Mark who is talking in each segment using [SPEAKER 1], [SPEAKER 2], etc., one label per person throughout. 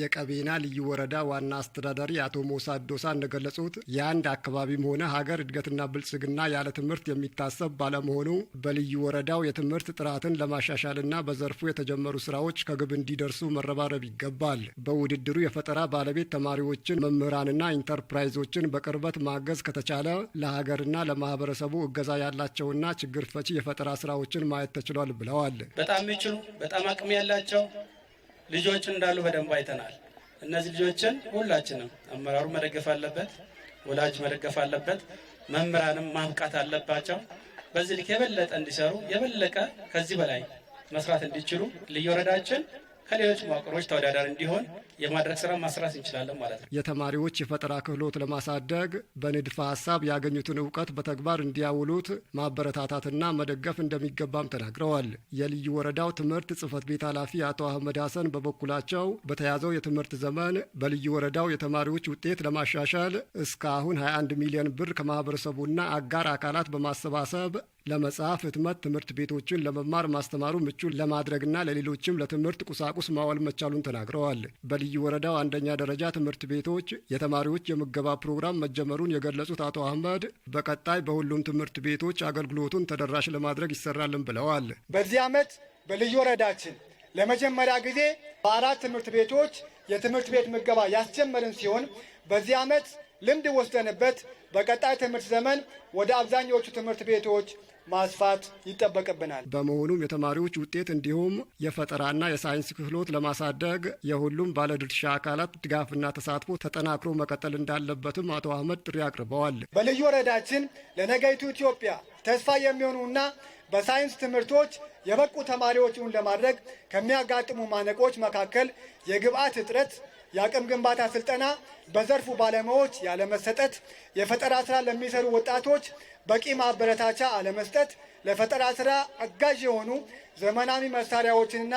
[SPEAKER 1] የቀቤና ልዩ ወረዳ ዋና አስተዳዳሪ አቶ ሞሳ ዶሳ እንደገለጹት የአንድ አካባቢም ሆነ ሀገር እድገትና ብልጽግና ያለ ትምህርት የሚታሰብ ባለመሆኑ በልዩ ወረዳው የትምህርት ጥራትን ለማሻሻልና በዘርፉ የተጀመሩ ስራዎች ከግብ እንዲደርሱ መረባረብ ይገባል። በውድድሩ የፈጠራ ባለቤት ተማሪዎችን፣ መምህራንና ኢንተርፕራይዞችን በቅርበት ማገዝ ከተቻለ ለሀገርና ለማህበረሰቡ እገዛ ያላቸውና ችግር ፈቺ የፈጠራ ስራዎችን ማየት ተችሏል ብለዋል።
[SPEAKER 2] በጣም የሚችሉ በጣም አቅም ያላቸው ልጆች እንዳሉ በደንብ አይተናል። እነዚህ ልጆችን ሁላችንም አመራሩ መደገፍ አለበት፣ ወላጅ መደገፍ አለበት፣ መምህራንም ማብቃት አለባቸው። በዚህ ልክ የበለጠ እንዲሰሩ የበለቀ ከዚህ በላይ መስራት እንዲችሉ ልዩ ወረዳችን ከሌሎች መዋቅሮች ተወዳዳሪ እንዲሆን የማድረግ ስራ ማስራት እንችላለን ማለት
[SPEAKER 1] ነው። የተማሪዎች የፈጠራ ክህሎት ለማሳደግ በንድፈ ሀሳብ ያገኙትን እውቀት በተግባር እንዲያውሉት ማበረታታትና መደገፍ እንደሚገባም ተናግረዋል። የልዩ ወረዳው ትምህርት ጽህፈት ቤት ኃላፊ አቶ አህመድ ሀሰን በበኩላቸው በተያዘው የትምህርት ዘመን በልዩ ወረዳው የተማሪዎች ውጤት ለማሻሻል እስካሁን 21 ሚሊዮን ብር ከማህበረሰቡና አጋር አካላት በማሰባሰብ ለመጽሐፍ ህትመት ትምህርት ቤቶችን ለመማር ማስተማሩ ምቹ ለማድረግና ለሌሎችም ለትምህርት ቁሳቁስ ማዋል መቻሉን ተናግረዋል። በልዩ ወረዳው አንደኛ ደረጃ ትምህርት ቤቶች የተማሪዎች የምገባ ፕሮግራም መጀመሩን የገለጹት አቶ አህመድ በቀጣይ በሁሉም ትምህርት ቤቶች አገልግሎቱን ተደራሽ ለማድረግ ይሰራልን ብለዋል።
[SPEAKER 3] በዚህ ዓመት በልዩ ወረዳችን ለመጀመሪያ ጊዜ በአራት ትምህርት ቤቶች የትምህርት ቤት ምገባ ያስጀመርን ሲሆን በዚህ ዓመት ልምድ ወስደንበት በቀጣይ ትምህርት ዘመን ወደ አብዛኛዎቹ ትምህርት ቤቶች ማስፋት ይጠበቅብናል።
[SPEAKER 1] በመሆኑም የተማሪዎች ውጤት እንዲሁም የፈጠራና የሳይንስ ክህሎት ለማሳደግ የሁሉም ባለድርሻ አካላት ድጋፍና ተሳትፎ ተጠናክሮ መቀጠል እንዳለበትም አቶ አህመድ ጥሪ አቅርበዋል።
[SPEAKER 3] በልዩ ወረዳችን ለነገይቱ ኢትዮጵያ ተስፋ የሚሆኑና በሳይንስ ትምህርቶች የበቁ ተማሪዎችን ለማድረግ ከሚያጋጥሙ ማነቆች መካከል የግብአት እጥረት የአቅም ግንባታ ስልጠና በዘርፉ ባለሙያዎች ያለመሰጠት፣ የፈጠራ ስራ ለሚሰሩ ወጣቶች በቂ ማበረታቻ አለመስጠት በመስጠት ለፈጠራ ስራ አጋዥ የሆኑ ዘመናዊ መሳሪያዎችንና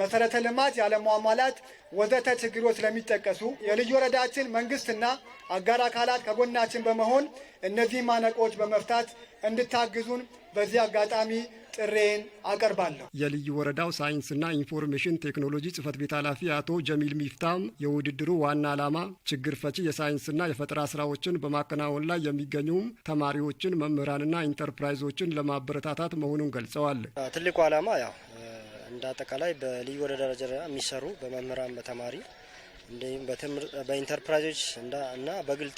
[SPEAKER 3] መሰረተ ልማት ያለሟሟላት ወዘተ ችግሮች ስለሚጠቀሱ የልዩ ወረዳችን መንግስትና አጋር አካላት ከጎናችን በመሆን እነዚህ ማነቆች በመፍታት እንድታግዙን በዚህ አጋጣሚ ጥሬን አቀርባለሁ።
[SPEAKER 1] የልዩ ወረዳው ሳይንስና ኢንፎርሜሽን ቴክኖሎጂ ጽህፈት ቤት ኃላፊ አቶ ጀሚል ሚፍታም የውድድሩ ዋና ዓላማ ችግር ፈቺ የሳይንስና የፈጠራ ስራዎችን በማከናወን ላይ የሚገኙም ተማሪዎችን፣ መምህራንና ኢንተርፕራይዞችን ለማበረታታት መሆኑን ገልጸዋል።
[SPEAKER 2] ትልቁ ዓላማ ያው እንደ አጠቃላይ በልዩ ወደ ደረጃ የሚሰሩ በመምህራን በተማሪ እንዲሁም በኢንተርፕራይዞች እና በግል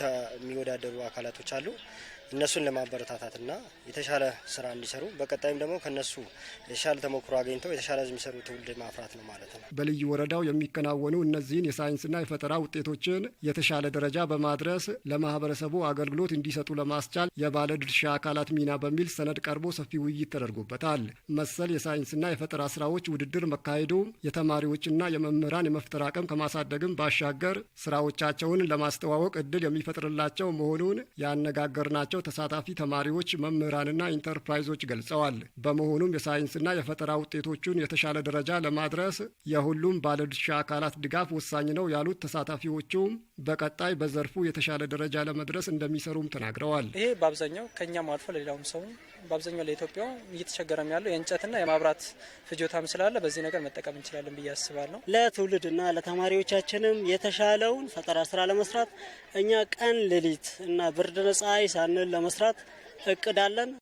[SPEAKER 2] የሚወዳደሩ አካላቶች አሉ። እነሱን ለማበረታታትና የተሻለ ስራ እንዲሰሩ በቀጣይም ደግሞ ከነሱ የተሻለ ተሞክሮ አግኝተው የተሻለ የሚሰሩ ትውልድ ማፍራት ነው ማለት ነው።
[SPEAKER 1] በልዩ ወረዳው የሚከናወኑ እነዚህን የሳይንስና የፈጠራ ውጤቶችን የተሻለ ደረጃ በማድረስ ለማህበረሰቡ አገልግሎት እንዲሰጡ ለማስቻል የባለ ድርሻ አካላት ሚና በሚል ሰነድ ቀርቦ ሰፊ ውይይት ተደርጎበታል። መሰል የሳይንስና የፈጠራ ስራዎች ውድድር መካሄዱ የተማሪዎችና የመምህራን የመፍጠር አቅም ከማሳደግም ባሻገር ስራዎቻቸውን ለማስተዋወቅ እድል የሚፈጥርላቸው መሆኑን ያነጋገርናቸው ተሳታፊ ተማሪዎች፣ መምህራንና ኢንተርፕራይዞች ገልጸዋል። በመሆኑም የሳይንስና የፈጠራ ውጤቶቹን የተሻለ ደረጃ ለማድረስ የሁሉም ባለድርሻ አካላት ድጋፍ ወሳኝ ነው ያሉት ተሳታፊዎቹም በቀጣይ በዘርፉ የተሻለ ደረጃ ለመድረስ እንደሚሰሩም ተናግረዋል።
[SPEAKER 4] ይሄ በአብዛኛው ከእኛም አልፎ ለሌላውም ሰው በአብዛኛው ለኢትዮጵያ እየተቸገረም ያለው የእንጨትና የማብራት ፍጆታም ስላለ በዚህ ነገር መጠቀም እንችላለን ብዬ አስባለሁ።
[SPEAKER 5] ለትውልድና ለተማሪዎቻችንም የተሻለውን ፈጠራ ስራ ለመስራት እኛ ቀን ሌሊት እና ብርድ ነጻ ሳንል ለመስራት እቅድ አለን።